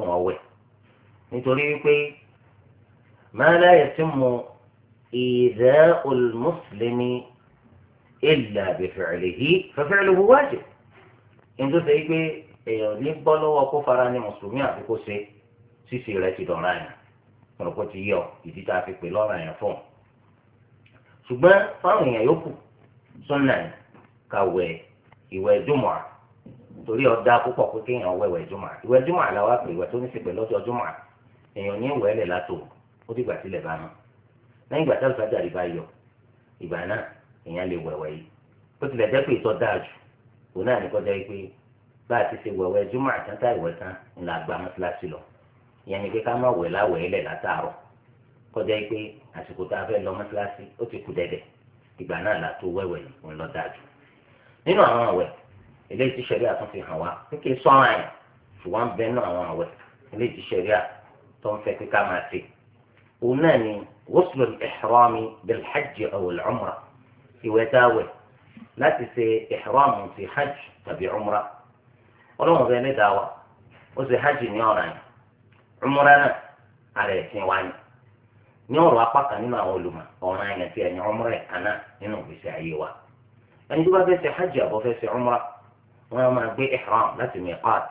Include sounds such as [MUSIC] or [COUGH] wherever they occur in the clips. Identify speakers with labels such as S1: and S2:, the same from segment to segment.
S1: kó wọn wẹ̀ nítorí wípé máa láyè tí mo ìdá olùmùsùlùmí ìlà bìfẹ̀lẹ̀ yìí fẹ̀fẹ̀lẹ̀ wò wájú nítorí sẹ́yìn pé èèyàn ní bọ́ lọ́wọ́ kó fara ní mùsùlùmí àti kó ṣe ṣíṣe rẹ̀ ti dọ̀rọ̀ àyàn kọ̀ọ̀kọ̀ ti yọ ìdí tá a fi pè lọ́rọ̀ àyàn fún un ṣùgbọ́n fáwọn èèyàn yòókù sọ́nà kàwé ìwẹ̀ dùmọ̀ọ́ torí ọ̀dà púpọ̀ pé kéèyàn wẹ̀wẹ̀ jùmọ̀ ìwẹ̀ jùmọ̀ àlàwà pé ìwẹ̀ tó ní ṣe pẹ̀lú ọjọ́ jùmọ̀ èèyàn ní ìwẹ̀ lẹ̀ látò ó dìgbà tilẹ̀ bá mọ́ lẹ́yìn ìgbà táwọn ìfàjà rí bá yọ ìgbà náà èèyàn lè wẹ̀wẹ̀ yìí bó tilẹ̀ jẹ́ pé ìtọ́ dáa jù òun náà ní kọjá pé bá a ti ṣe wẹ̀wẹ̀ jùmọ̀ àtúntà ìwẹ̀ tán ńlá gba mọ́síláṣí lọ ìyẹn ni pé ká má wẹ̀ láwẹ̀ eléyìí tí sẹ̀ríà tún fi hàn wá ní kí n sọ́ra ẹ̀ ṣùgbọ́n bẹ́ẹ̀ náà àwọn àwẹ̀ eléyìí tí sẹ̀ríà tó ń fẹ́ pé ká máa ṣe. òun náà ni ghuslu al-ihrami bil-hajj aw al-umra ìwẹ̀ táwẹ̀ láti ṣe ihramu ti hajj tàbí umra ọlọ́run bẹ́ẹ̀ ní dáwà ó ṣe hajj ní ọ̀ràn yìí umra náà àrẹ ẹ̀sìn wa ni ní ọ̀rọ̀ apá kan nínú àwọn olùmọ̀ ọ̀ràn yẹn ti ẹ̀yìn umra ẹ̀ka náà nínú ìgbésí ayé wa ẹni tó bá fẹ́ ṣe hajj àbọ̀ fẹ́ ṣe umra wọ́n máa gbé ihram láti miqat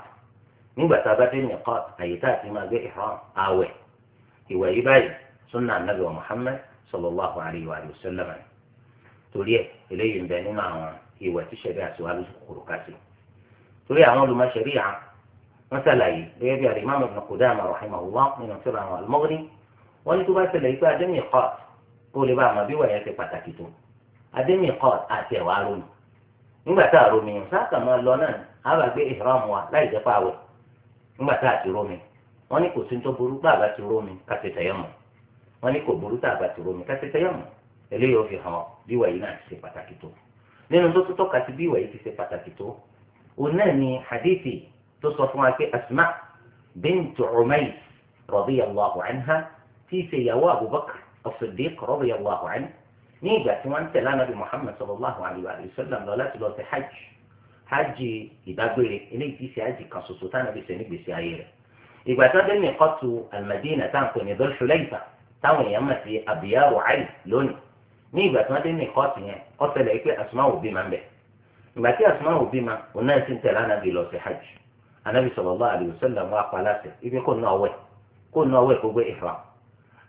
S1: nígbà tá a bá dé miqat àyè tá a ti máa gbé ihram àwẹ̀ ìwẹ̀ yìí báyìí sunna anabi wa muhammad sallallahu alayhi wa sallam torí ẹ̀ eléyìí ń bẹ nínú àwọn ìwẹ̀ tí sẹ̀rí àtiwájú kòrò ká sí torí àwọn olùmọ̀ sẹ̀rí à wọ́n sàlàyé gẹ́gẹ́ bí alimami ibn Qudama rahimahullah nínú sọ̀rọ̀ àwọn al-Mughni ní tó bá ṣẹlẹ̀ yìí pé adé miqat kó lè bá àmọ́ bí wàyẹ̀ ti pàtàkì tó adé miqat àti ẹ̀wà arómi nígbà tá a romi yẹn sáàkà máa lọ náà á bá gbé ìhìrọ́mù wa láì jẹ́ pààwẹ̀ nígbà tá a ti romi wọ́n ní kò sí tó burú bá a bá ti romi ká ti tẹ̀yẹ̀ mọ́ wọ́n ní kò burú tá a bá ti romi ká ti tẹ̀yẹ̀ mọ́ eléyìí ó fi hàn bí ìwà náà ti ṣe pàtàkì tó nínú tó tó kà bí ìwà ti ṣe pàtàkì tó òun náà ni hadithi tó sọ fún wa pé asma bintu umays radiyallahu anha tí í ní ìgbà tí wọ́n ń tẹ̀lé anabi muhammed sallallahu alayhi wa sallam lọ láti lọ sí hajj hajj ìdágbére eléyìí ti ṣe hajj kan ṣoṣo tánàbí ṣe nígbèsè ayé rẹ̀ ìgbà tó dé ní kọ́tù almadina táǹkò ní Dhul Hulayfa táwọn èèyàn mọ̀ sí abiyaru ayi lónìí ní ìgbà tí wọ́n dé ní kọ́tù yẹn ó ṣẹlẹ̀ pé asumawò bímọ ń bẹ̀ ìgbà tí asumawò bímọ òun náà ti ń tẹ̀lé anabi lọ sí hajj anabi sallallahu alayhi wa sallam wà pa láṣẹ ibi kò náà wẹ̀ kò náà wẹ̀ gbogbo ìfra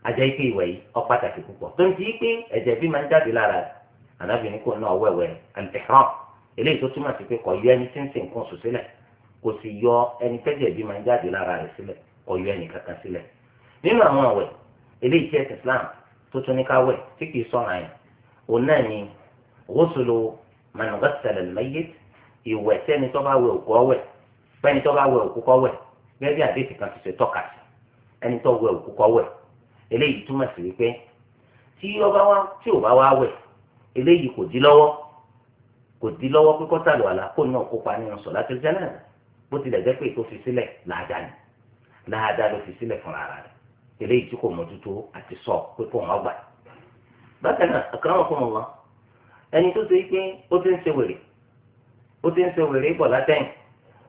S1: ajẹ́ ike ìwẹ̀ yìí ó pàtàkì púpọ̀ tó ń ti pé ẹ̀jẹ̀ bí máa ń jáde lára rẹ̀ anábìnrin kò náà wẹ̀wẹ̀ al-ihram eléyìí tó túmọ̀ sí pé kò yọ ẹni tí ń sìn nǹkan sùn sílẹ̀ kò sì yọ ẹni tẹ́jẹ̀ bí máa ń jáde lára rẹ̀ sílẹ̀ kò yọ ẹni kankan sílẹ̀ nínú àwọn àwẹ̀ eléyìí jẹ́ Islam tó tún ní ká wẹ̀ tí kì í sọ̀rọ̀ àyàn òun náà ni ghuslu eléyìí túmọ̀ sí wípé tí ọba wa tí ò bá wá wẹ̀ eléyìí kò dí lọ́wọ́ kò dí lọ́wọ́ pé kọ́sàlù àlá kó náà kópa nínú sọ̀látul jánásà bó tilẹ̀ jẹ́ pé ètò fi sílẹ̀ láàdá ni láàdá ló fi sílẹ̀ fúnra rẹ̀ eléyìí tí kò mójútó àti sọ pé kò wọ́n gbà. bákan náà akramakumullah ẹni tó ṣe pé ó ti ń ṣe wèrè ó ti ń ṣe wèrè bọ̀ látẹ̀yìn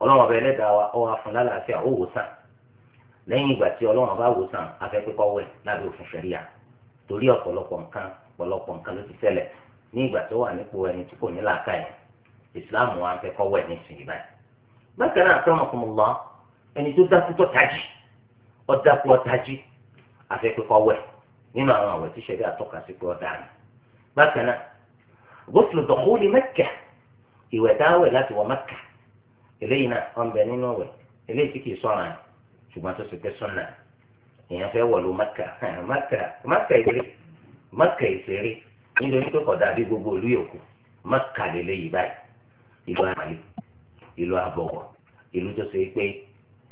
S1: ọlọ́wọ́n ọba ẹlẹ́dàá wa ọ lẹ́yìn ìgbà tí ọlọ́run bá wò sàn afẹ́pẹ́kọ́ wẹ̀ lábẹ́ òfin ṣẹ̀ríà torí ọ̀pọ̀lọpọ̀ nǹkan ọ̀pọ̀lọpọ̀ nǹkan ló ti ṣẹlẹ̀ ní ìgbà tó wà nípò ẹni tí kò ní làákà yẹn ìsìláàmù wa afẹ́kọ́ wẹ̀ ní ìsìn ìbáyìí. bákan náà sọ́nà fún mi lọ ẹni tó dákú tó tají ó dákú ó tají afẹ́pẹ́kọ́ wẹ̀ nínú àwọn àwẹ̀ tí ṣẹ̀ríà tọ́ka sí pé ó ṣùgbọ́n tó ṣe pé sọ́nà èèyàn fẹ́ wọ̀ ló [LAUGHS] mẹ́kà mẹ́kà ìṣeré mẹ́kà ìṣeré nítorí pé kọ̀dà bí gbogbo ìlú yòókù mẹ́kà lélẹ́ yìí báyìí ìlú àmàlẹ́ ìlú àbọ̀wọ̀ ìlú tó ṣe pé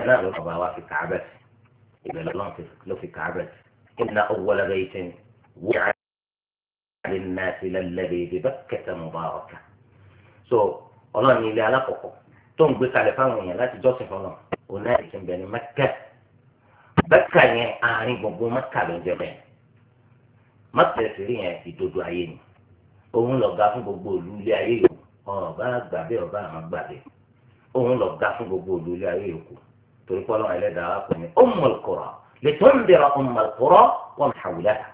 S1: náà ló bàbá wa fi kàábẹ̀ ìbẹ̀ lọ́n ló fi kàábẹ̀ inna awwala baytin wudi'a lin-nasi lalladhi bi-Bakkata mubarakan so ọlọ́run ilé alákọ̀ọ́kọ́ tó ń gbé kalẹ̀ fáwọn èèyàn láti jọ́sìn òun náà ti ń bẹ ní mẹ́kà mẹ́kà yẹn àárín gbogbo mẹ́kà ló ń jẹ bẹ́ẹ̀ mẹ́kà sì rí yẹn ìdodo ayé ni òun lọ ga fún gbogbo òlu ilé ayé yòókù ọba àgbà bẹ́ẹ̀ ọba àmọ́ gbà bẹ́ẹ̀ òun lọ ga fún gbogbo òlu ilé ayé yòókù torí pé ọlọ́run ẹlẹ́dàá wa kò ní Ummul Qura litunzira Ummul Qura wa man hawlaha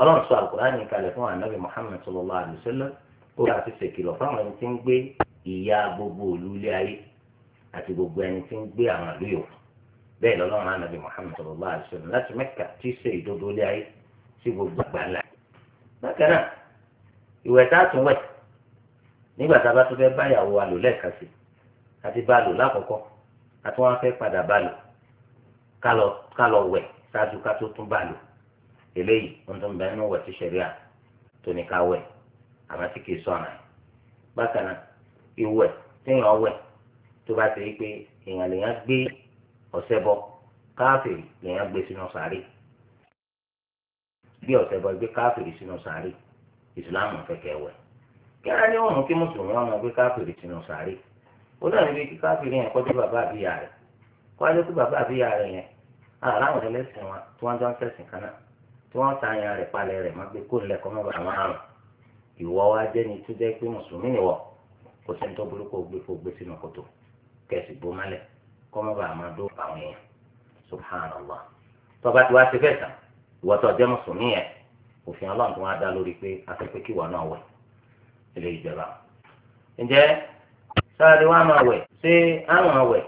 S1: ọlọ́run sọ Al-Qur'ani kalẹ̀ Muhammad sallallahu alayhi wa sallam ó yà àti gbogbo ẹni tí ń gbé àwọn àlú yòókù bẹ́ẹ̀ lọ́lọ́run ànábì Muhammad sallallahu alaihi wasallam láti Mẹ́kà tí í ṣe ìdodo lé ayé sí gbogbo àgbáńlá bákan náà ìwẹ̀ tá a tún wẹ̀ nígbà tá a bá tún fẹ́ báyàwó wa lò lẹ́ẹ̀kan sí àti bá lò lákọ̀ọ́kọ́ àti wọ́n fẹ́ padà bá lò ká lọ wẹ̀ ṣáájú ká tó tún bá lò eléyìí wọ́n tún bẹ́ẹ̀ nínú wẹ̀ tí ṣẹ̀ríà tó ní wẹ̀ àmọ́ tí kì í sọ̀ràn bákan tó bá ṣe pé èèyàn lèèyàn gbé ọ̀sẹ̀ bọ káfìrí lèèyàn gbé sínú sàárè bí ọ̀sẹ̀ bọ gbé káfìrí sínú sàárè ìsìláàmù fẹ́kẹ̀ wẹ̀ kí ara ní òun kí mùsùlùmí wọn máa gbé káfìrí sínú sàárè ó dàbí bí kí káfìrí yẹn kọjú bàbá àbíyá rẹ̀ kọjú kí bàbá àbíyá rẹ̀ yẹn àràwọn ẹlẹ́sìn wọn tí wọ́n jọ ń ṣẹ̀sìn kan náà tí wọ́n ta ayan rẹ̀ palẹ̀ rẹ̀ máa gbé kó lẹ́kọ̀ọ́ mọ́ bàbá àrùn ìwọ wa jẹ́ni tó jẹ́ pé mùsùlùmí nìwọ kò sẹ́ni tó burúkú gbé kó gbé sínú kòtò kẹsì bó mọ́lẹ̀ kọ́mọ́ bá máa dó àwọn èèyàn subhanallah tọ́ba tí wàá ti fẹ́ tán ìwọ́tọ̀ jẹ́ mùsùlùmí yẹn òfin ọlọ́run tó wá dá lórí pé afẹ́fẹ́ kí ìwà náà wẹ̀ ilé ìjọba. ǹjẹ́ sáré wa máa wẹ̀ ṣé àwọn àwẹ̀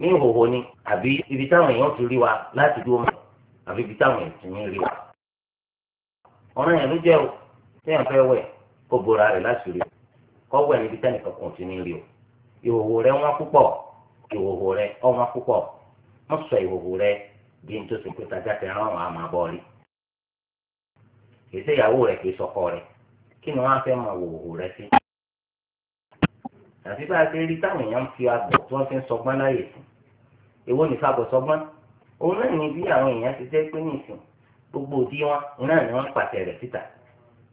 S1: ní ìhòòhò ni àbí ibi táwọn èèyàn ti rí wa láti dúró mọ̀ àbí ibi táwọn èèyàn ti ní rí wa. ọ̀ràn yẹn ló jẹ́ o téèyàn fẹ́ wẹ̀ kó bora rẹ̀ láti rí o kọ́ wẹ̀ níbi tẹ́nìkan kan ti ní rí o. ìhòhò rẹ wọ́n púpọ̀ ìhòhò rẹ ọ̀wọ́n púpọ̀ wọ́n sọ ìhòhò rẹ bí n tó sì pé tajà tẹ àmà rẹ kìí sọkọ rẹ kí ni wọ́n fẹ́ mọ ìhòhò rẹ sí. àti bá a ṣe rí táwọn èèyàn ń fi àgbọ̀ tí wọ́n fi ń sọgbọ́n láyè ní sọgbọ́n òun gbogbo òdi wọn náà ni wọ́n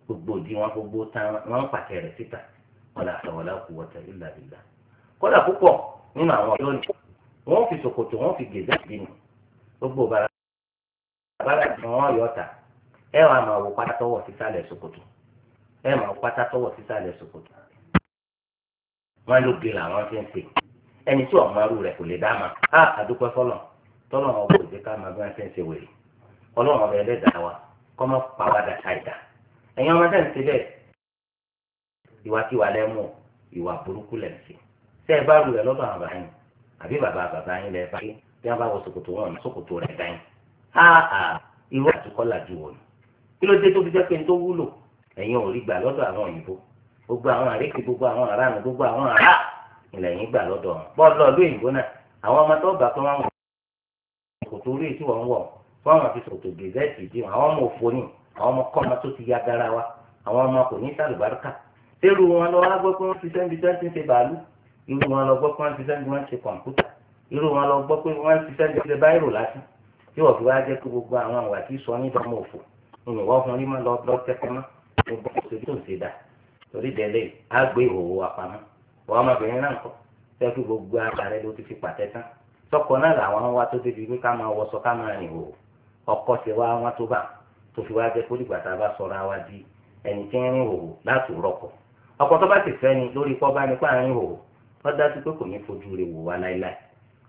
S1: gbogbo òdi wọn gbogbo tán rẹ̀ síta kódà púpọ̀ nínú àwọn ọ̀dọ́ ni wọ́n fi ṣòkòtò wọ́n fi gèzè ìdínà gbogbo bàrà bàrà tí wọ́n yọ ọ̀tà ẹ wàá máa wò pátá tọwọ́ sísàlẹ̀ ṣòkòtò ẹ máa wò pátá tọwọ́ sísàlẹ̀ ṣòkòtò wọ́n ló gé làwọn fi ń pè ẹni tí arú rẹ̀ kò lè dá ma á àdúpẹ́ fọlọ́ tọ́lọ́ wọn kò dé ká máa bí wọ́n fi ń ṣe wèrè ọlọ́run ọbẹ̀ ẹlẹ́dàá wa kọ́ mọ́ pàwádà ẹ̀yin ọmọdé ń bẹ́ẹ̀ lẹ́mú ìwà burúkú tẹ́ ẹ bá rú rẹ̀ lọ́dọ̀ àwọn bàbá yín àbí bàbá bàbá yín lẹ́ bá yín bí wọ́n bá wọ ṣòkòtò wọn ní ṣòkòtò rẹ̀ dá yín á à irú àtúkọ́ làjú wọn ni kí ló dé tó fi jẹ́ pé n tó wúlò ẹ̀yin ò rí gbà lọ́dọ̀ àwọn òyìnbó gbogbo àwọn àríkì gbogbo àwọn aráàlú gbogbo àwọn ará ilẹ̀ yín gbà lọ́dọ̀ wọn bọ́ọ̀lù ọ̀lú òyìnbó náà àwọn ọmọ tó bá tó wọ ṣòkòtò orí tí wọ́n wọ̀ fún àti ṣòkòtò gẹ̀ẹ́sì dì wọn àwọn ọmọ òfò ni àwọn ọmọ kọ́ ọmọ tó ti ya gara wa àwọn ọmọ kò ní sàlùbáríkà tẹ́lu wọn lọ́wọ́ á gbọ́ pé wọ́n ti sẹ́ńbi irú wọn lọ gbọ́ pé wọ́n ti sẹ́ni wọ́n ṣe kọ̀ǹpútà irú wọn lọ gbọ́ pé wọ́n ti sẹ́ni ṣe báyìrò lásán tí wọ́n fi wá jẹ́ pé gbogbo àwọn àwà tí sọ ní ìdánwò òfò ìwọ̀n wọ́n fún yín lọ lọ tẹ́kọ́ mọ́ gbogbo kò sí tó ń ṣe dà torí délé á gbé ìhòòhò wa pamọ́ wọ́n ọmọbìnrin náà kọ́ fẹ́ kí gbogbo ara rẹ ló ti fi pàtẹ tán tọkọ náà tó bá ti fẹ́ ni lórí pọ́ bá ní pàrin òhò wọ́n dájú pé kò ní fojú rẹ̀ wò wá láéláé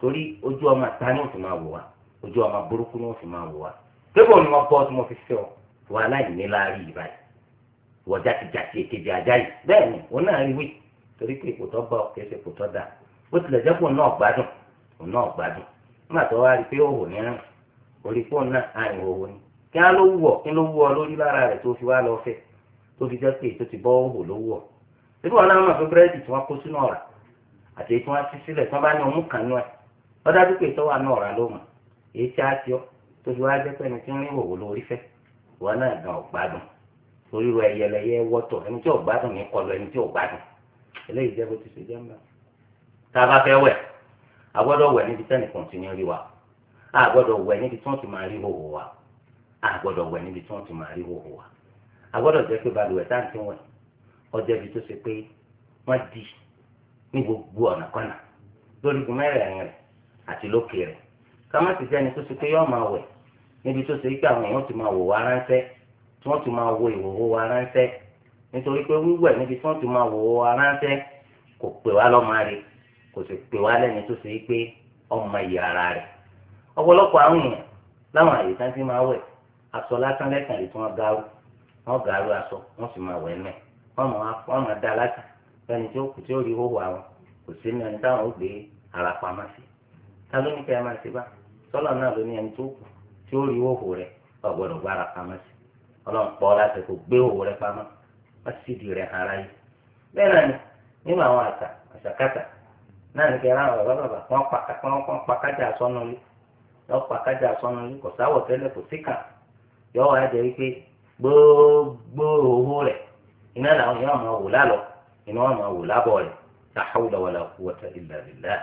S1: torí ojú ọmọ ta ni ó fi máa wò wá ojú ọmọ burúkú ni ó fi máa wò wá débò ni wọ́n bọ́ tí mo fi fẹ́ ọ wà láìní láàárín yìí báyìí wọ́n jáde jáde èkejì ajá yìí bẹ́ẹ̀ ni òun náà rí wí torí pé ipò bá òkè ṣe ipò dà bó tilẹ̀ jẹ́ pé náà gbádùn òun náà gbádùn nígbà tó wá rí pé òwò ní rìn orí fóònù náà àrùn òwò ni kí á ló wù ọ kí ló wù ọ lórí lára rẹ̀ tó fi wá lọ fẹ́ tó fi jẹ́ pé ètò ti bọ́ òwò ló wù ọ. irú ọ̀nà àwọn àfi búrẹ́dì tí wọ́n kó sínú ọ̀rà àti èyí tí wọ́n ti sílẹ̀ tí wọ́n bá ní ọmú kan nú ẹ̀ wọ́n dájú pé ìtọ́wà náà ọ̀rá ló mọ̀ èyí tí a ti ọ́ tóbi wá jẹ́ pẹ́ni tí ń rí òwò lórí fẹ́ wọn náà gan ọ̀gbádùn torí ro ẹyẹlẹyẹ wọ́tọ̀ ẹni tí ọ̀gbádùn ní kọlu ẹni tí ọ̀gbádùn eléyìí jẹ́ bó ti ṣe jẹ́ mọ́ tá a bá fẹ́ wẹ̀ a gbọ́dọ̀ wẹ̀ níbi tẹ́nìkan ti ní rí wa a gbọ́dọ̀ wẹ̀ níbi tí wọ́n ti máa rí hòhò wa a gbọ́dọ̀ wẹ̀ níbi tí wọ́n ti máa rí hòhò wa a ní gbogbo ọ̀nà kọ́nà lórí gun mẹ́rẹ̀ẹ̀rin rẹ̀ àti lókè rẹ̀ ká má ti sẹ́ni tó ṣe pé yọ́ máa wẹ̀ níbi tó ṣe pé àwọn èèyàn ti máa wò wá ránṣẹ́ tí wọ́n ti máa wo ìwòwò wa ránṣẹ́ nítorí pé wíwẹ̀ níbi tí wọ́n ti máa wò wá ránṣẹ́ kò pè wá lọ́mọ rẹ̀ kò sì pè wá lẹ́ni tó ṣe pé ọmọ ìyá ara rẹ̀ ọ̀pọ̀lọpọ̀ àwọn èèyàn láwọn àyè tán ti máa wẹ̀ aṣọ lásán lẹ́kàn lè tí wọ́n gáwó wọ́n gáwó aṣọ wọ́n sì máa wẹ̀ mẹ́ wọ́n máa dá lásán fẹ́ni tí ó kù tí ó rí hóhó àwọn kò sí ní ẹni táwọn ó gbé ara sí ta ló ní kí ẹ máa ṣe bá sọ́lọ́ náà ló ní ẹni tó kù tí ó rí sí láti kò gbé sì di ara yìí bẹ́ẹ̀ náà ni nínú àwọn àṣà àṣàkáṣà náà ní kí ara àwọn bàbá bàbá wọn pa wọn pa kájà sọnù wọn pa iná wọn máa wò lábọ̀ rẹ̀ la hawla wala quwwata illa billah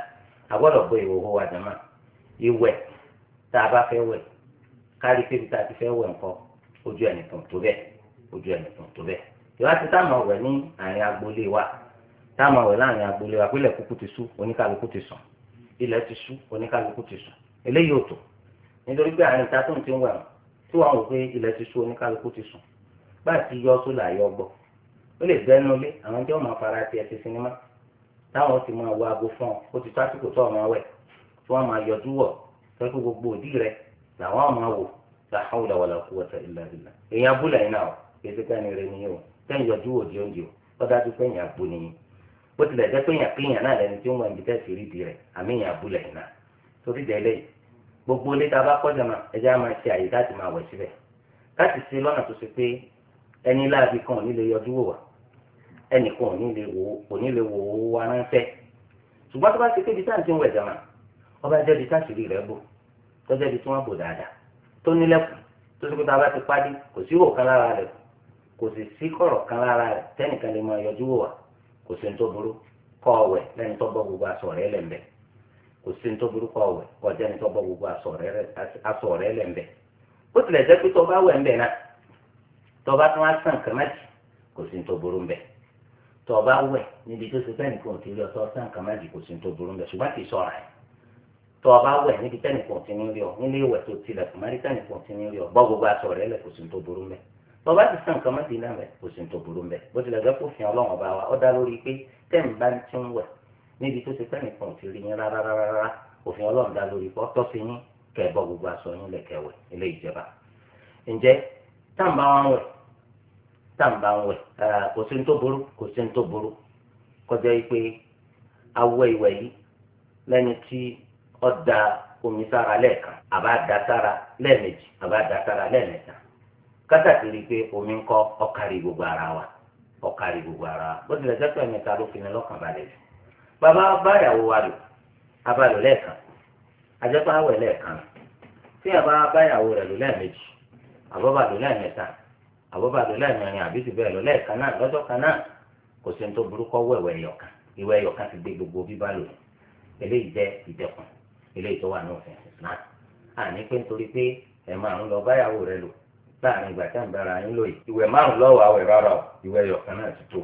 S1: agbọ́dọ̀ bọ ìhòòhò wa jama ìwẹ̀ tá a bá fẹ́ wẹ̀ kárí pébi tá a ti fẹ́ wẹ̀ nǹkan ojú ẹnìkan tó bẹ́ẹ̀ ojú ẹnìkan tó bẹ́ẹ̀ ìwà ti táwọn ọ̀wẹ̀ ní àárín agboolé wa táwọn ọ̀wẹ̀ láàárín agboolé wa pílẹ̀ kúkú ti sú oníkálukú ti sùn ilẹ̀ ti sú oníkálukú ti sùn eléyìí ò tó nítorí pé àárín ta tó ń ti ń wẹ̀ tí wọ́n wò pé ilẹ̀ ti sú oníkálukú ti sùn báyìí ti yọ sólà yọ gbọ́ ó lè bẹ́ẹ̀ nulẹ̀ àwọn jẹ́ ọmọ afárá tiẹ̀ ti sinimá táwọn ti máa wọ aago fún ọ ó ti tó àsìkò tó ọmọ wẹ̀ tí wọ́n máa yọjú wọ̀ gbogbo òdì rẹ̀ làwọn máa wò la hawla wala quwwata illa billah èèyàn abúlé yìí náà rẹ nìyẹn o ke yọjú wò di oúnjẹ o ó dájú pé èèyàn abú ni bó tilẹ̀ jẹ́ pé èèyàn náà tí ó wọ a ẹni láàbí kan ò ní lè yọjú wò wá ẹnì kan ò ní lè wò ò ní lè wò ó wá ránṣẹ́ ṣùgbọ́n tó bá ti kébi táǹtì ń wẹ̀ jàmà ọba jẹ́bi táṣìlì rẹ̀ bò tọ́jẹ́ bi tí wọ́n bò dáadáa tó nílẹ̀kùn tó ṣe kó tá a bá ti pàdé kò sí wò kan lára rẹ̀ kò sì sí kọ̀rọ̀ kan lára rẹ̀ tẹ́nìkan lè máa yọjú wò wá kò sí ní tó burú kọ́ ọ̀wẹ̀ lẹ́ni tó bọ́ gbogbo aṣọ rẹ̀ lẹ́ńbẹ̀ kò sí ní tó burú kọ́ ọ̀wẹ̀ kọjá ní tó bọ́ gbogbo aṣọ rẹ̀ lẹ́ńbẹ̀ ó tilẹ̀ jẹ́ pé tó bá wẹ̀ ńbẹ̀ náà tọba tí wọn sàn kàmájì kò sí tó burú mbẹ tọba wẹ níbi tó ti fẹni kò tí rí ọtọ sàn kàmájì kò sí tó burú mbẹ ṣùgbọ́n kì í ṣọ́ra ẹ tọba wẹ níbi tẹni kò tí ní rí ọ nílé ìwẹ̀ tó tilẹ̀ kàmájì tẹni kò tí ní rí ọ bọ gbogbo aṣọ rẹ lẹ kò sí tó burú mbẹ tọba ti sàn kàmájì náà mẹ kò sí tó burú mbẹ bó tilẹ̀ jẹ́ kó fìyàn ọlọ́run ọba wa ó dá lórí pé tẹ́ǹ bá ń ti ń wẹ̀ níbi tó ti fẹni kò tí rí yín rárá rárá òfin ọlọ́run dá lórí pé ọtọ́ sí yín kẹ bọ wọn wẹ̀ tàǹbà ń wẹ̀ kò sí tó burú kò sí tó burú kọjá yìí awọ ìwẹ̀ yìí lẹ́ni tí da omi sára lẹ́ẹ̀kan àbá da sára lẹ́ẹ̀mejì àbá da sára kátàkiri omi ń kọ́ gbogbo ara wa ọ̀kàrí gbogbo ara wa bó tilẹ̀ jẹ́ pé ló fi ní lọ́kàn balẹ̀ jù bàbá báyàwó wa lò abalò lẹ́ẹ̀kan àjẹpá awẹ̀ lẹ́ẹ̀kan tí àbá àbọ̀bà lọ lẹ́ẹ̀mẹrin àbí ti bẹ́ẹ̀ lọ lẹ́ẹ̀kan náà lọ́jọ́ kan náà kò sí ní tó burúkọ wẹ̀wẹ̀ ẹ̀yọ̀kan ìwẹ̀ ẹ̀yọ̀kan ti gbé gbogbo bíbá lò eléyìí jẹ́ ìdẹ̀kùn eléyìí tó wà ní òfin Islam àní pé nítorí pé ẹ̀ máa ń lọ báyàwó rẹ lò láàrin ìgbà tí à ń bára yín lò yìí ìwẹ̀ márùn lọ́wọ́ àwẹ̀ rárá o ìwẹ̀ ẹ̀yọ̀kan náà ti tó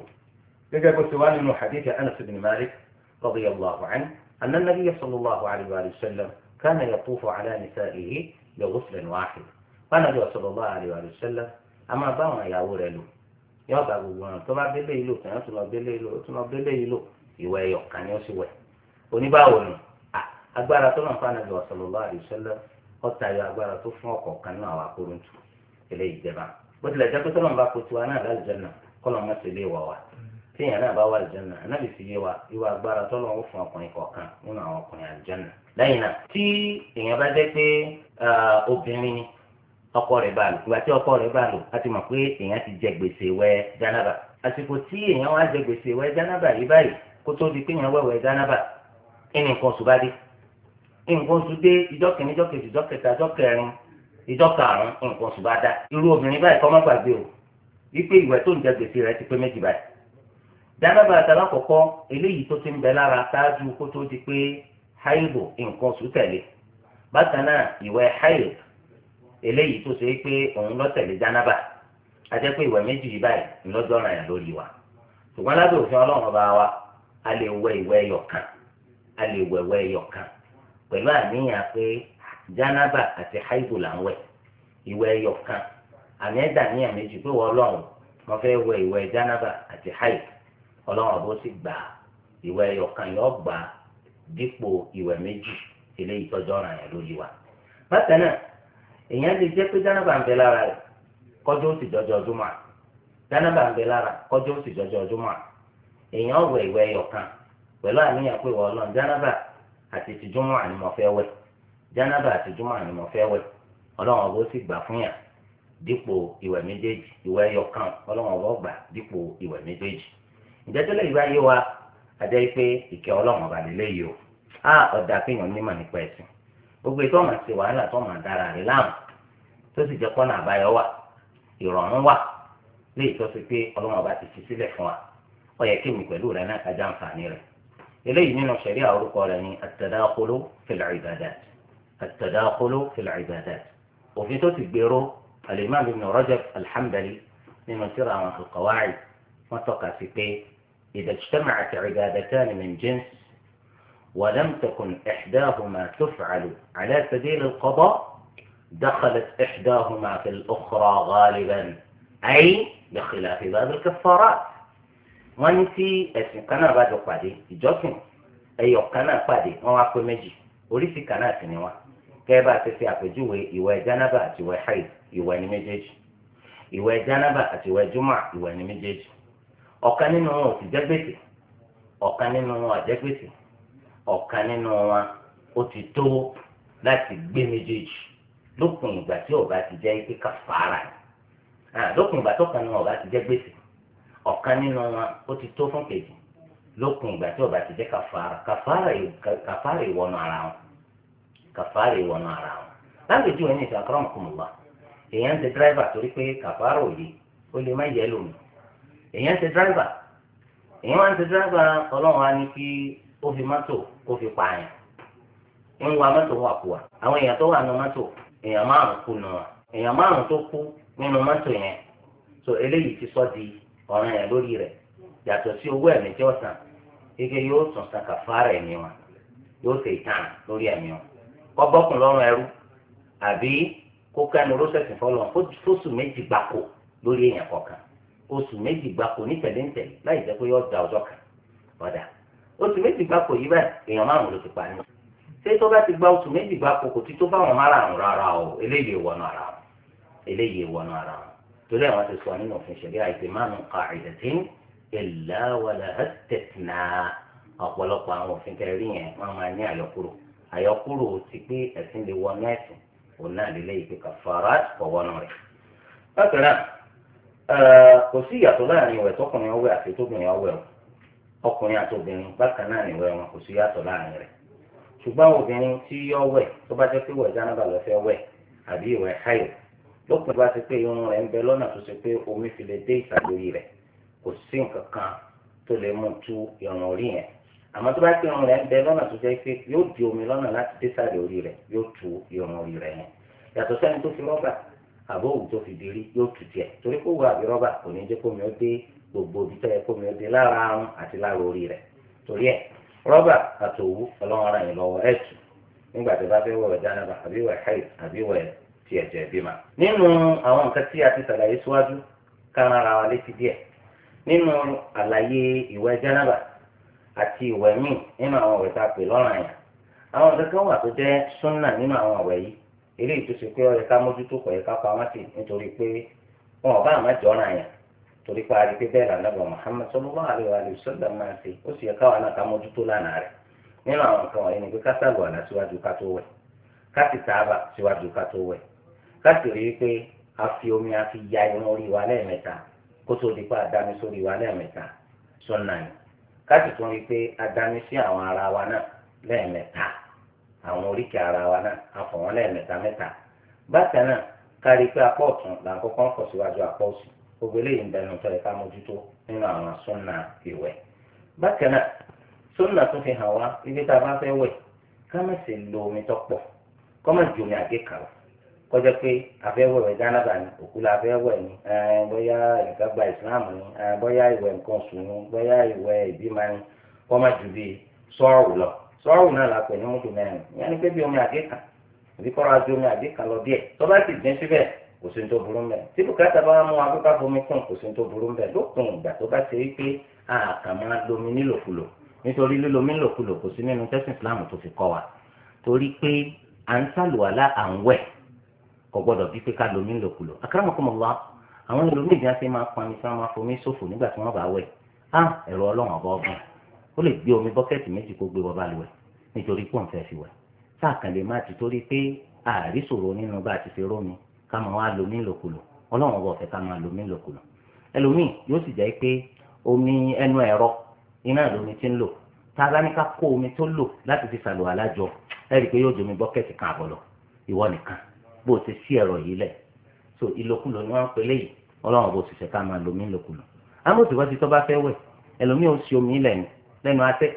S1: gẹ́gẹ́ bó ti wá nínú a máa bá àwọn ìyàwó rẹ̀ lò yóò bá gbogbo wọn tó bá bẹ́lẹ̀ yìí lò kí wọ́n tún lọ bẹ́lẹ̀ yìí lò tún lọ bẹ́lẹ̀ yìí lò ìwẹ̀ ẹ̀yọ̀ kan ni ó sì wẹ̀ oníbàwò nù agbára tó náà fún ànábì sallallahu alaihi wasallam ọ̀tá yọ agbára tó fún ọkọ̀ kan náà wà kúrò tù eléyìí jẹba bó tilẹ̀ jẹ́ pé tó náà bá kó tiwa náà lálùjánnà kọ́ náà má ti ọkọ rẹ̀ bá lò ìgbà tí ọkọ rẹ̀ bá lò a ti mọ̀ pé èèyàn ti jẹ gbèsè àsìkò tí èèyàn wá jẹ gbèsè wẹ̀ jánábà yìí báyìí kó tó di pé èèyàn wẹ̀wẹ̀ jánábà ẹni nǹkan oṣù bá dé nǹkan oṣù dé ìjọ kìíní ìjọ kejì ìjọ kẹta ìjọ kẹrin ìjọ nǹkan oṣù bá o wípé ìwẹ̀ tó ń jẹ gbèsè ti pé méjì báyìí eléyìí tó ṣe é pé òun lọ tẹ̀lé jánábà a jẹ́ pé ìwẹ̀ méjì yìí báyìí ńlọ́jọ́ yẹn lórí wa ṣùgbọ́n lábẹ́ òfin ọlọ́run ọba wa a lè wẹ̀ ìwẹ̀ ẹyọ kan a lè wẹ̀ ìwẹ̀ ẹyọ kan pẹ̀lú àníyàn pé jánábà àti haibu là ń wẹ̀ ìwẹ̀ ẹyọ kan àmì ẹ̀dà níyàn méjì pé wọ́n ọlọ́run mo fẹ́ wẹ̀ ìwẹ̀ jánábà àti haibu ọlọ́run ọba ó sì gbà ìwẹ̀ ẹyọ kan yóò gbà dípò ìwẹ̀ méjì eléyìí tọ́jọ́ yẹn lórí wa bákan náà èèyàn lè jẹ́ pé jánàbà ń bẹ lára rẹ̀ kọjọ́ ó sì jọjọ́ ọdúnmọ́ jánàbà ń bẹ lára kọjọ́ ó sì jọjọ́ èèyàn wẹ̀ ìwẹ̀ ẹ̀yọ̀kan pẹ̀lú àníyàn pé wọ́n lọ jánàbà àti tìjúmọ́ àni mo fẹ́ wẹ̀ jánàbà àti mo fẹ́ wẹ̀ ọlọ́run ọba ó sì gbà fún yàn dípò ìwẹ̀ méjèèjì ìwẹ̀ ẹ̀yọ̀kan ọlọ́run ọba dípò ìwẹ̀ méjèèjì wa àjẹ́ pé ìkẹ́ ọlọ́run ọba lè o a ọ̀dà nípa ẹ̀sìn gbogbo ètò ọmọ àti wàhálà tó ọmọ dára rẹ̀ láàmú tó sì jẹ kọ́nà àbáyọ wà ìrọ̀rùn wà léyìí tó ṣe pé ọlọ́run ọba ti fi sílẹ̀ fún wa ó yẹ kéwì pẹ̀lú rẹ̀ náà kájà àǹfààní rẹ̀ eléyìí nínú ṣẹ̀ríà orúkọ rẹ̀ ní at-tadakhulu fil ibadat at-tadakhulu fil òfin tó ti gbèrò al-imam ibn Rajab nínú tírà àwọn al-qawaid wọ́n tọ́ka sí pé idha ijtama'at ibadatan min ولم تكن إحداهما تفعل على سبيل القضاء دخلت إحداهما في الأخرى غالبا أي بخلاف باب الكفارات وانتي اسم كنا بعد قادي جوتين أيو كنا قادي ما أقول مجي وليسي كنا سنوا كيبا في أفجوه يوى جانبا أتوى حيث يوى نمجيج يوى جانبا أتوى جمع يوى نمجيج أو كان نوع تجبتي أو كان نوع تجبتي ọ̀kan nínú wọn ó ti tó láti gbé méjèèjì lópin ìgbà tí ọba ti jẹ́ pé kàfàrà ni lópin ìgbà tó kan nínú ọba ti jẹ́ gbèsè ọ̀kan nínú wọn ó ti tó fún kejì lópin ìgbà tí ọba ti jẹ́ kàfàrà kàfàrà ìwọ̀nù ara wọn kàfàrà ìwọ̀nù ara wọn láti ju ẹni ìsàkúrọ̀ ọ̀kùnmùlá èèyàn ti dírẹ́fà torí pé kàfàrà òye ó lè má yẹ lómi èèyàn ti dírẹ́fà èèyàn ti dírẹ́fà ọlọ́run á ní ó fi mọ́tò ó fi pààyàn wọ́n wa mọ́tò wà kú wa àwọn èèyàn tó wà nù mọ́tò èèyàn márùn kú nù wa èèyàn márùn tó kú nínú mọ́tò yẹn so eléyìí ti sọ di ọ̀ràn yẹn lórí rẹ̀ yàtọ̀ sí owó ẹ̀mí tí ó san ike yóò san kàfàrà ẹ̀mí wọn yóò ṣe ìtàn lórí ẹ̀mí wọn kọ́ bọ́kùn lọ́rùn ẹrú àbí kó kẹ́nu rọ́ṣẹ̀sì fọlọ́ fóṣù méjì gbáko lórí èèyàn kọ̀ọ̀kan oṣù méjì láì oṣù méjì gbáko yìí báyìí èèyàn márùn ló ti pa ní. ṣé tó bá ti gba oṣù méjì gbáko kò ti tó fáwọn márùn rárá o eléyìí wọnú ara wọn eléyìí wọnú ara wọn torí àwọn ti sọ nínú òfin ṣẹlẹ̀ àìsè márùn qa'idatin illa wala istisna ọ̀pọ̀lọpọ̀ àwọn òfin kẹrí yẹn wọ́n máa ní àyọkúrò àyọkúrò ti pé ẹ̀sìn lè wọnú ẹ̀sìn òun náà lè léyìí pé kàfàrà kọ̀ wọnú rẹ̀. bákan náà kò sí ìyàtọ̀ láàrin ìwẹ̀ tọkùnrin ọwẹ́ àti tóbìnrin ọwẹ́ o ọkùnrin àti obìnrin bákan náà nìwẹ̀ wọn kò sí yàtọ̀ láàrin rẹ̀ ṣùgbọ́n obìnrin tí yọ wẹ̀ tó bá jẹ́ pé wẹ̀ jánàbà lọ fẹ́ wẹ̀ àbí ìwẹ̀ háyò lópin bá ti pé irun rẹ̀ ń bẹ lọ́nà tó ṣe pé omi fi lè dé ìsàlórí rẹ̀ kò sí nǹkan kan tó lè mú tú irun orí yẹn àmọ́ tó bá pé irun rẹ̀ ń bẹ lọ́nà tó jẹ́ pé yóò di omi lọ́nà láti dé ìsàlórí rẹ̀ yóò tú irun orí gbogbo ibi tó kó mi lára àrùn àti lára orí rẹ̀ torí ẹ̀ rọ́bà àtòwú ọlọ́run ara yẹn lọ́wọ́ ẹ̀ tù nígbà tó bá fẹ́ wọ̀ jánaba àbí wẹ̀ àbí ti ẹ̀jẹ̀ bímọ. nínú àwọn nǹkan tí a ti ṣàlàyé síwájú kára ara wa létí díẹ̀ nínú àlàyé àti nínú àwọn tá a pè àwọn wà tó jẹ́ torí pé àdìpé bẹ́ẹ̀ là nàbà Muhammad sallallahu alaihi wa sallam máa ṣe ó sì yẹ káwa náà ká mójútó lánàá rẹ̀ nínú àwọn nǹkan wọ̀nyí ni pé ká sàlù àná síwájú ká tó wẹ̀ ká sì tààbà síwájú ká tó wẹ̀ ká sì rí i pé a fi omi a fi ya irun orí wa lẹ́ẹ̀mẹ́ta kó tó di pé a dání sórí wa lẹ́ẹ̀mẹ́ta sọ́nà ni ká sì tún rí i pé a dání sí àwọn ara wa náà lẹ́ẹ̀mẹ́ta àwọn oríkì ara wa náà a fọ̀ wọ́n lẹ́ẹ̀mẹ́ta mẹ́ta bákan náà ká rí i pé apá ọ̀tún là ń fọ̀ síwájú apá òsì gbogbo eléyìí ń bẹnu tọ́ ẹ̀ ká mójútó nínú àwọn súnà ìwẹ̀. bákan náà súnà tó fi hàn wá ibi tá a bá fẹ́ wẹ̀ ká má sì lo omi tó pọ̀ kọ́ má ju omi àgé kàwé kọjá pé afẹ́wẹ̀ wẹ̀ gánàbà ni òkú la afẹ́wẹ̀ ni bóyá nǹkan gba ìsìláàmù ni bóyá ìwẹ̀ nǹkan sùn ni bóyá ìwẹ̀ ìbímọ ni kọ́ má ju bíi sọ́ọ̀rù lọ sọ́ọ̀rù náà la pè ní mọ́tò mẹ́rin ìyẹn ni pé bí omi àgé kan àbí kọ́ra ju omi àgé kan lọ díẹ̀ tó bá ti dín síbẹ̀ kò sí tó burú mbẹ tí bùkátà bá mú akókò fomi kún kò sí tó burú mbẹ lókun ìgbà tó bá ṣe é pé àkà máa lomi nílòkulò nítorí lílomi nílòkulò kò sí nínú tẹsán islam tó fi kọ́ wa torí pé à ń sàlùwàlá à ń wẹ̀ kò gbọ́dọ̀ bí pé ká lomi nílòkulò akramakumullah àwọn lomi ìdí àti máa pọnmi sí wọn máa fomi ṣòfò nígbà tí wọn bá wẹ̀ á ẹ̀rọ ọlọ́run ọba ọgbọn ó lè gbé omi bọ́kẹ́tì àrísòro nínú bá a ti fi rómi ká máa wá lómi lòkulò ọlọ́run ọba ọ̀fẹ́ ká máa lómi lòkulò ẹlòmíì yóò sì jẹ́ pé omi ẹnu ẹ̀rọ iná lómi ti ń lò tá a bá ní ká kó omi tó lò láti fi ṣàlùwàlá jọ ẹ rí i pé yóò domi bọ́kẹ́tì kan àbọ̀ lọ ìwọ nìkan bó o ti sí ẹ̀rọ yìí lẹ̀ so ìlòkulò ni wọ́n ń pe léyìí ọlọ́run ọba òṣìṣẹ́ ká máa lómi lòkulò amóòtú bá ti tọ́ bá fẹ́ wẹ̀ ẹlòmíì ó sì omi lẹ́nu lẹ́nu atẹ́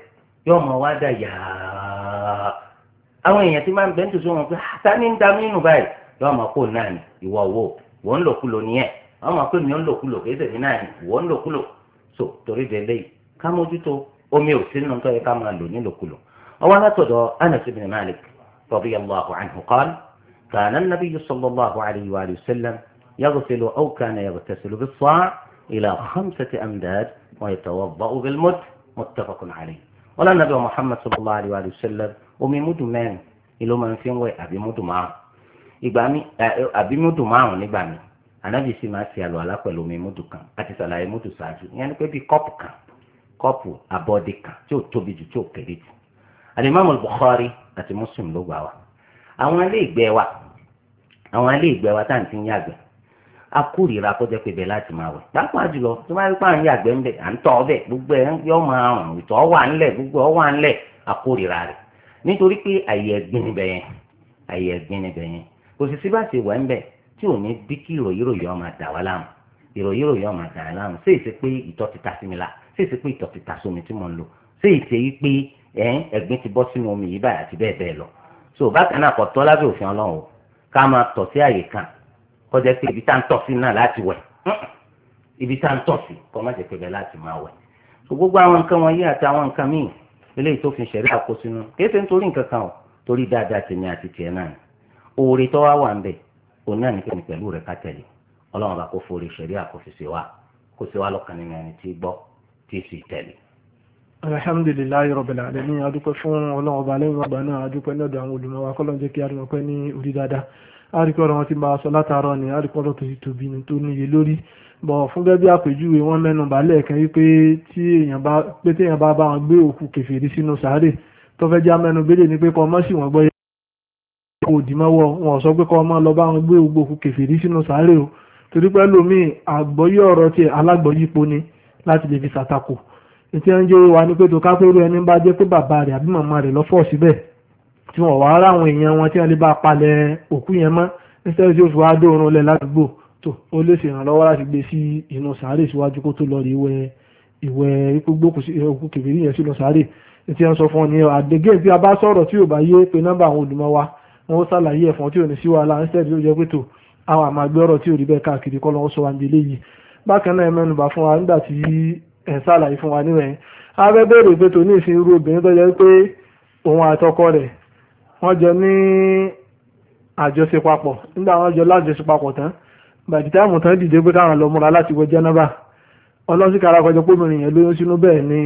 S1: àwọn èèyàn ti máa ń bẹ́ńtò sí wọn pé ah, ta ni ń da mí báyìí yóò máa kó náà ní ìwọ owó wọ́n ń lòkulò nìyẹn wọ́n máa pè mí ń lòkulò kì í sèmi náà ní ìwọ ń lò kúlò so torí délé yìí ká mójútó omi ò sí nínú tó yẹ ká máa lò ní lò kúlò. ọwọ́ látọ̀dọ̀ Anas ibn Malik radiyallahu anhu qala kana an-nabiy sallallahu alayhi wa sallam يغسل أو كان يغتسل بالصاع إلى خمسة أمداد ويتوضأ بالمد متفق عليه ولا النبي محمد صلى الله عليه وآله وسلم ومن مدمان إلى من فين وي أبي مدمان ìgbà mi àbí múdù márùn nígbà mi ànábì sì máa ṣe àlùwàlá pẹ̀lú omi múdù kan àti sàlàyé múdù ṣáájú ìyẹn ni pé bíi kọ́pù kan kọ́pù abọ́dé kan tí ò tóbi jù tí ò kéré jù alimami Bukhari àti Muslim ló gbà wá àwọn ilé ìgbẹ́ wa àwọn ilé ìgbẹ́ wa tá à ń ti ń yàgbẹ́ a kórìíra kó jẹ́ pé bẹ́ẹ̀ láti máa wẹ̀ pàápàá jùlọ tó bá rí pàrọ̀ yàgbẹ́ ń bẹ̀ à ń tọ́ ọbẹ̀ gbogbo ẹ̀ yọ kò sì sí bá ṣe wà ń bẹ̀ tí ò ní bí kí ìròyìnròyìn ọmọ àdá wa láàmú ìròyìnròyìn ọmọ àdá wa láàmú ṣé èsì pé ìtọ́ ti ta sí mi la ṣé èsì pé ìtọ́ ti ta sómi tí mo ń lò ṣé èsì yìí pé ẹ̀gbin ti bọ́ sínú omi yìí báyìí àti bẹ́ẹ̀ bẹ́ẹ̀ lọ so bákan náà kò tọ́ lábẹ́ òfin ọlọ́run o ká máa tọ̀ sí àyè kan kó jẹ́ pé ibi tá ń tọ̀ sí náà láti wẹ̀ ibi tá ń tọ̀ sí kó má jẹ́ pé bẹ́ẹ̀ láti máa wẹ̀ so gbogbo àwọn nǹkan wọ̀nyí àti àwọn nǹkan míì eléyìí tó fi ṣẹ̀rí o torí dáadáa tèmi àti oore tó wá wà ń bẹ̀ òun náà nìkan pẹ̀lú rẹ̀ ká tẹ̀lé ọlọ́run bá kó forí ṣẹ̀rí àkọsíṣe wa kó ṣe wá lọ́kàn nínú ẹni tí gbọ́ tí sì tẹ̀lé.
S2: alhamdulilayi rabbil alamin adúpẹ́ fún ọlọ́run ọba lẹ́yìn ọgbà náà adúpẹ́ lọ́dọ̀ àwọn olùmọ̀ wa kọ́lọ́n jẹ́ kí adúpẹ́ ní orí dáadáa àríkọ́rọ̀ wọn ti bá aṣọ látàárọ̀ ni àríkọ́rọ̀ tó ti tóbi ni tó níye lórí bọ̀ fún gẹ́gẹ́ bí àpèjúwe wọn mẹ́nu bà lẹ́ẹ̀kan wípé tí èèyàn bá bá wọn gbé òkú kèfèrí sínú sàárè tó fẹ́ jẹ́ amẹ́nu ni pé kọ́ mọ́sí wọn gbọ́ kò dìmọ́wọ́ wọn sọ pé kọ́ ọmọ lọ bá wọn gbé gbogbo òkú kèfèrí sínú sàárè o torí pé lómìn àgbọ́yé ọ̀rọ̀ tiẹ̀ alágbọ́yípo ni láti lè fi ṣàtakò ètí ẹ̀ ń jẹ́ wa ní pé tó kápẹ́rú ẹni bá jẹ́ pé bàbá rẹ̀ àbí màmá rẹ̀ lọ́fọ̀ síbẹ̀ tí wọ́n wá ara àwọn èèyàn wọn tí wọ́n lè bá palẹ̀ òkú yẹn mọ́ níṣẹ́ tí ó fi wá dóorun lẹ̀ ládùúgbò tó ó lè ṣèrànlọ́wọ́ láti gbé sí inú sàárè síwájú kó tó lọ rí ìwẹ̀ ìwẹ̀ gbogbo òkú kèfèrí yẹn sínú sàárè ètí ẹ̀ sọ fún ọ nìyẹn àgbègbè bí a bá sọ̀rọ̀ tí yóò bá yé pé nọ́mbà àwọn olùmọ̀ wa 0244 wọ́n ṣàlàyé ẹ̀fọ́n tí ò ní sí wàhálà ń sẹ́ẹ̀dì ó jẹ́ pé tò àwọn àmà gbé ọ̀rọ̀ tí ò rí bẹ́ẹ̀ káàkiri kọ́ lọ́wọ́ sọ wa níbi eléyìí bákan náà mẹ́nubà fún wa nígbà tí ẹ̀ ṣàlàyé fún wa níwẹ̀ abẹ́ bèrè pé tò ní ìsìn irú obìnrin tó jẹ́ pé òun àtọkọ rẹ̀ wọ́n jọ ní àjọṣe papọ̀ nígbà wọ́n jọ lájọṣe papọ̀ tán bàtí táàmù tán dìde pé káwọn lọ múra láti wọ jẹ́nàbà ọlọ́sìn kárakọjọ pómìnrin yẹn lóyún sínú bẹ́ẹ̀ ni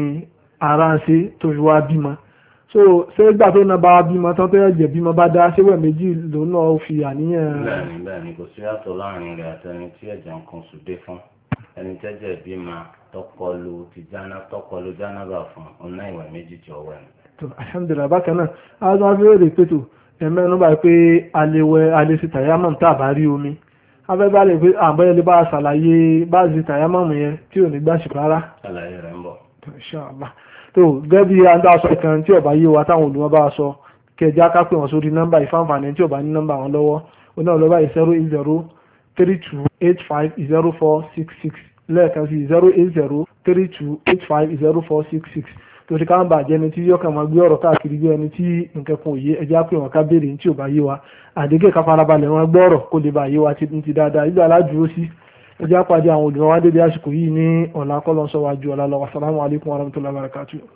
S2: ara ń tó fi wá bímọ so ṣé gbà tó náà bá bímọ tán tó yẹ bímọ bá dá ṣé wẹ̀ méjì lòun náà fi àníyàn. bẹ́ẹ̀ni
S1: bẹ́ẹ̀ni kò sí yàtọ̀ láàrin rẹ̀ àtẹni tí ẹ̀jẹ̀ ń kan sùdé fún ẹni tẹ́jẹ̀ bímọ tọkọlu ti jáná tọkọlu jáná bá fún un náà ìwẹ̀ méjì tí ọwọ́ ẹ̀.
S2: tó alhamdulilayi bákan náà a máa fi wéèrè pé tó ẹ̀mẹ́ ẹnu báyìí pé alẹ́wẹ̀ alẹ́ sí tàyámọ̀ tá a bá rí omi afẹ́bàlẹ̀ pé àbẹ́lẹ́ bá a ṣàlàyé bá a ṣe tàyámọ̀ yẹn tí ò ní gbàṣù rárá.
S1: àlàyé rẹ̀ ń bọ̀.
S2: inshallah so gẹ́gẹ́ bí andá sọ ìkan tí ọba yé wa táwọn olùmọ̀ bá sọ kẹjá ká pè wọ́n sórí nọ́mbà ìfáǹfààní tí ọba ní nọ́mbà wọn lọ́wọ́ oní ọlọ́ba zero eight zero three two eight five zero four six six lẹ́ẹ̀kan sí zero eight zero three two eight five zero four six six torí ká ń bà jẹ́ ẹni tí yóò kàn máa gbé ọ̀rọ̀ káàkiri bí ẹni tí nǹkan kan òye ẹja pé wọn ká béèrè ní tí ò bá yé wa àdégé ká farabalẹ̀ wọn gbọ́ ọ̀rọ̀ kó lè bá yé wa ti dáadáa ìgbà aládùúró sí ẹ jẹ́ àpàdé àwọn olùrànwádé bí àsìkò yìí ní ọ̀làkọ́lọ́sọ̀wájú ọ̀làlọ́wọ́ assalamu alaikum warahmatullahi wabarakatuh